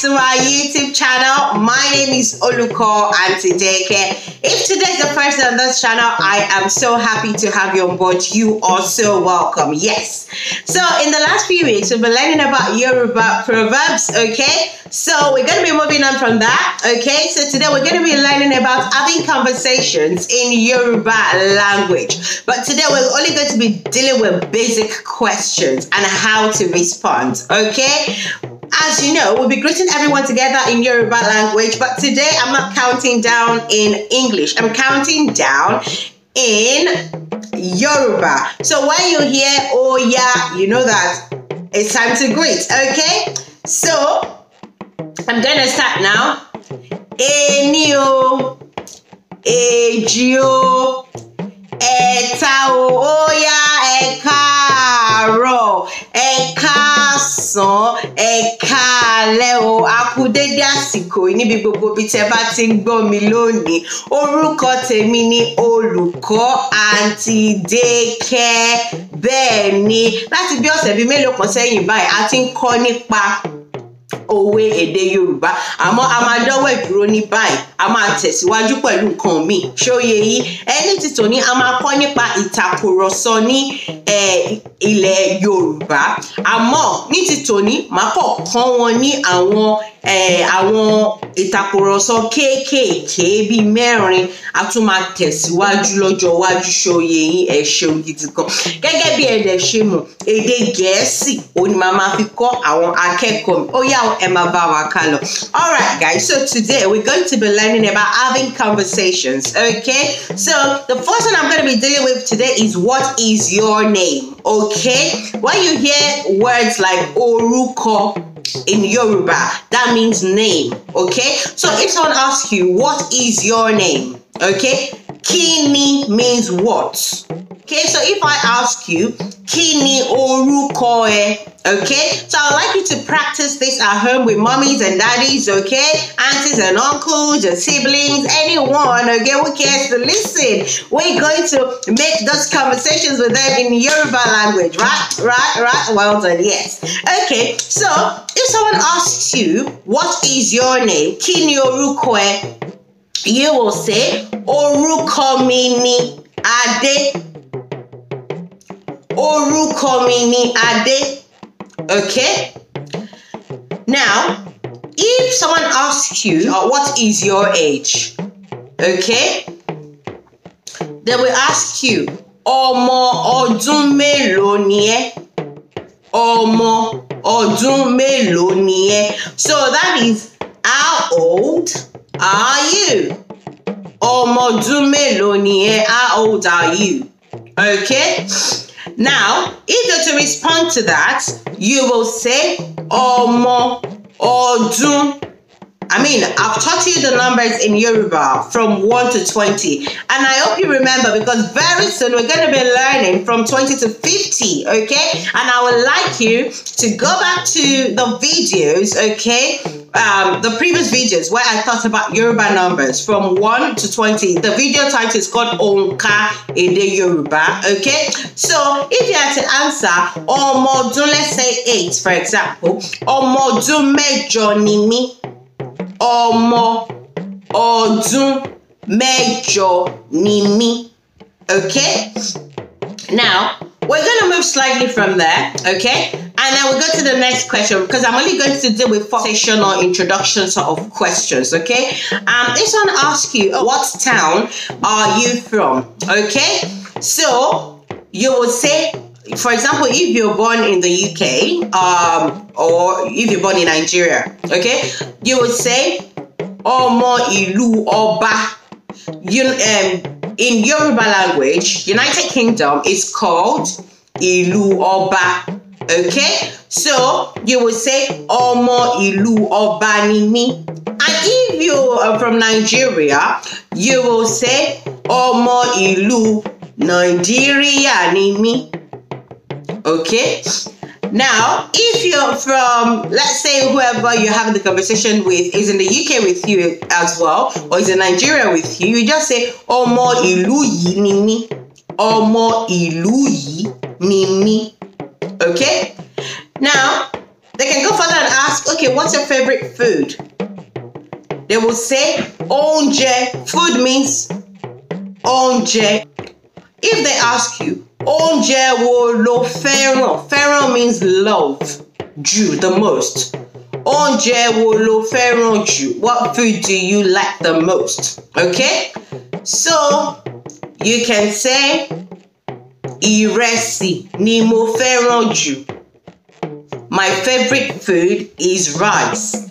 to our YouTube channel. My name is Oluko Antideke. If today is the first on this channel, I am so happy to have you on board. You are so welcome. Yes. So in the last few weeks, we've been learning about Yoruba proverbs, okay? So we're going to be moving on from that, okay? So today we're going to be learning about having conversations in Yoruba language. But today we're only going to be dealing with basic questions and how to respond, okay? as you know, we'll be greeting everyone together in Yoruba language, but today I'm not counting down in English. I'm counting down in Yoruba. So when you hear oh yeah, you know that it's time to greet, okay? So I'm gonna start now. Eni o, eji o, oh ẹ káalẹ́ o a kú dédé àsìkò yìí níbi gbogbo bí tẹ bá ti ń gbọ́ mi lónìí orúkọ tèmi ni olùkọ́ àǹtí Dékẹ́ bẹ́ẹ̀ ni láti bí ọ̀sẹ̀ bíi mélòó kan sẹ́yìn báyìí a ti ń kọ́ nípa òwe èdè yorùbá àmọ́ a máa dọ́wọ́ ìdúró ní báyìí a máa tẹ̀síwájú pẹ̀lú nǹkan míì ṣóye yìí ẹni tí tòní a máa kọ́ nípa ìtàkùrọ̀sọ ní ilẹ̀ yorùbá àmọ́ ní ti tòní màá kọ̀ kọ́ wọn ní àwọn àwọn ìtàkùrọ̀sọ kéékèèké bíi mẹ́rin a tún máa tẹ̀síwájú lọ́jọ́ iwájú ṣòye yín ẹ ṣeun gidi gan gẹ́gẹ́ bí ẹ̀dẹ̀ ṣe mọ̀ èdè gẹ̀ẹ́sì òní màá máa fi kọ́ àwọn akẹ́kọ̀ọ́ mi ó yá ẹ máa bá wa ká lọ. all right guys so today we're going to be learning about having conversations okay so the first one i'm going to be dealing with today is what is your name okay when you hear words like orúkọ in Yoruba. That means name. Okay. So if someone asks you, what is your name? Okay. Kini means what? Okay, so if I ask you, Kini oru kwe," okay? So I would like you to practice this at home with mummies and daddies, okay? Aunties and uncles, your siblings, anyone, okay, who cares to listen. We're going to make those conversations with them in Yoruba language, right? Right, right? Well done, yes. Okay, so if someone asks you, what is your name? Kini oru kwe," you will say, Oruko mi ni Ade orúkọ mi ni Adé okay now if someone asks you uh, what is your age okay they will ask you ọmọ ọdún mélòó ni ẹ́ ọmọ ọdún mélòó ni ẹ́ so that is how old are you ọmọ ọdún mélòó ni ẹ́ how old are you okay. Now, either to respond to that, you will say Omo Odun. I mean, I've taught you the numbers in Yoruba from 1 to 20. And I hope you remember because very soon we're going to be learning from 20 to 50, okay? And I would like you to go back to the videos, okay? um, the previous videos where I talked about Yoruba numbers from 1 to 20. The video title is called Onka Ede Yoruba. Okay, so if you had to answer Omodun, let's say 8 for example, Omodun Mejo Nimi, Omo Odun Mejo Nimi. Okay, now we're gonna move slightly from there. Okay. And then we go to the next question because I'm only going to deal with or introduction sort of questions, okay? Um, this one asks you, what town are you from? Okay, so you would say, for example, if you're born in the UK um, or if you're born in Nigeria, okay, you would say, Omo Ilu Oba. You, um, in Yoruba language, United Kingdom is called Ilu Oba. Okay? So you will say Omo Ilu mi, And if you are from Nigeria, you will say Omo Ilu Nigeria ni mi. Okay? Now, if you're from, let's say, whoever you're having the conversation with is in the UK with you as well, or is in Nigeria with you, you just say, Omo ilu yi ni mi. Omo ilu yi ni mi. Okay? Now, they can go further and ask, okay, what's your favorite food? They will say, onje. Food means onje. If they ask you, onje wo lo feral fẹ́ràn means love, Jew the most. Onje wo lo fẹ́ràn jù, what food do you like the most? Okay? So, you can say, ìrẹsì ni mo fẹ́ràn jù. My favourite food is rice.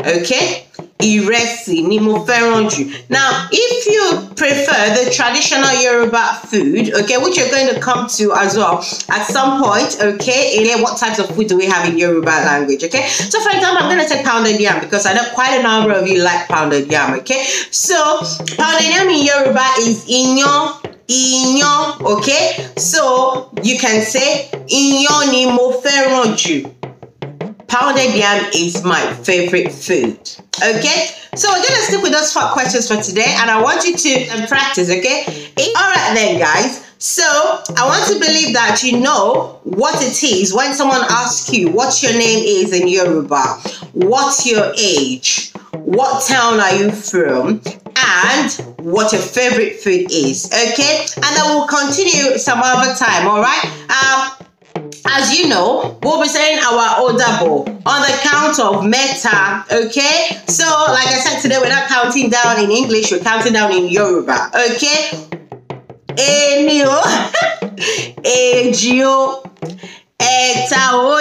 Okay? Ìrẹsì ni mo fẹ́ràn jù. Now, if you prefer the traditional Yoruba food, okay, which you're going to come to as well at some point, okay, what types of food do we have in Yoruba language, okay? So, for example, I'm going to say pounded yam because I know quite a number of you like pounded yam, okay? So, pounded yam in Yoruba is inyo Iyán, okay? So you can say iyán ni mo fẹ́ràn jù. Pounded yam is my favorite food. Okay, so we're gonna stick with those four questions for today, and I want you to practice. Okay, all right then, guys. So I want to believe that you know what it is when someone asks you what your name is in Yoruba, what's your age, what town are you from, and what your favorite food is. Okay, and I will continue some other time. All right. Um, as you know, we'll be saying our audible on the count of meta, okay? So, like I said today, we're not counting down in English, we're counting down in Yoruba, okay? Enio, Ejio, Etao,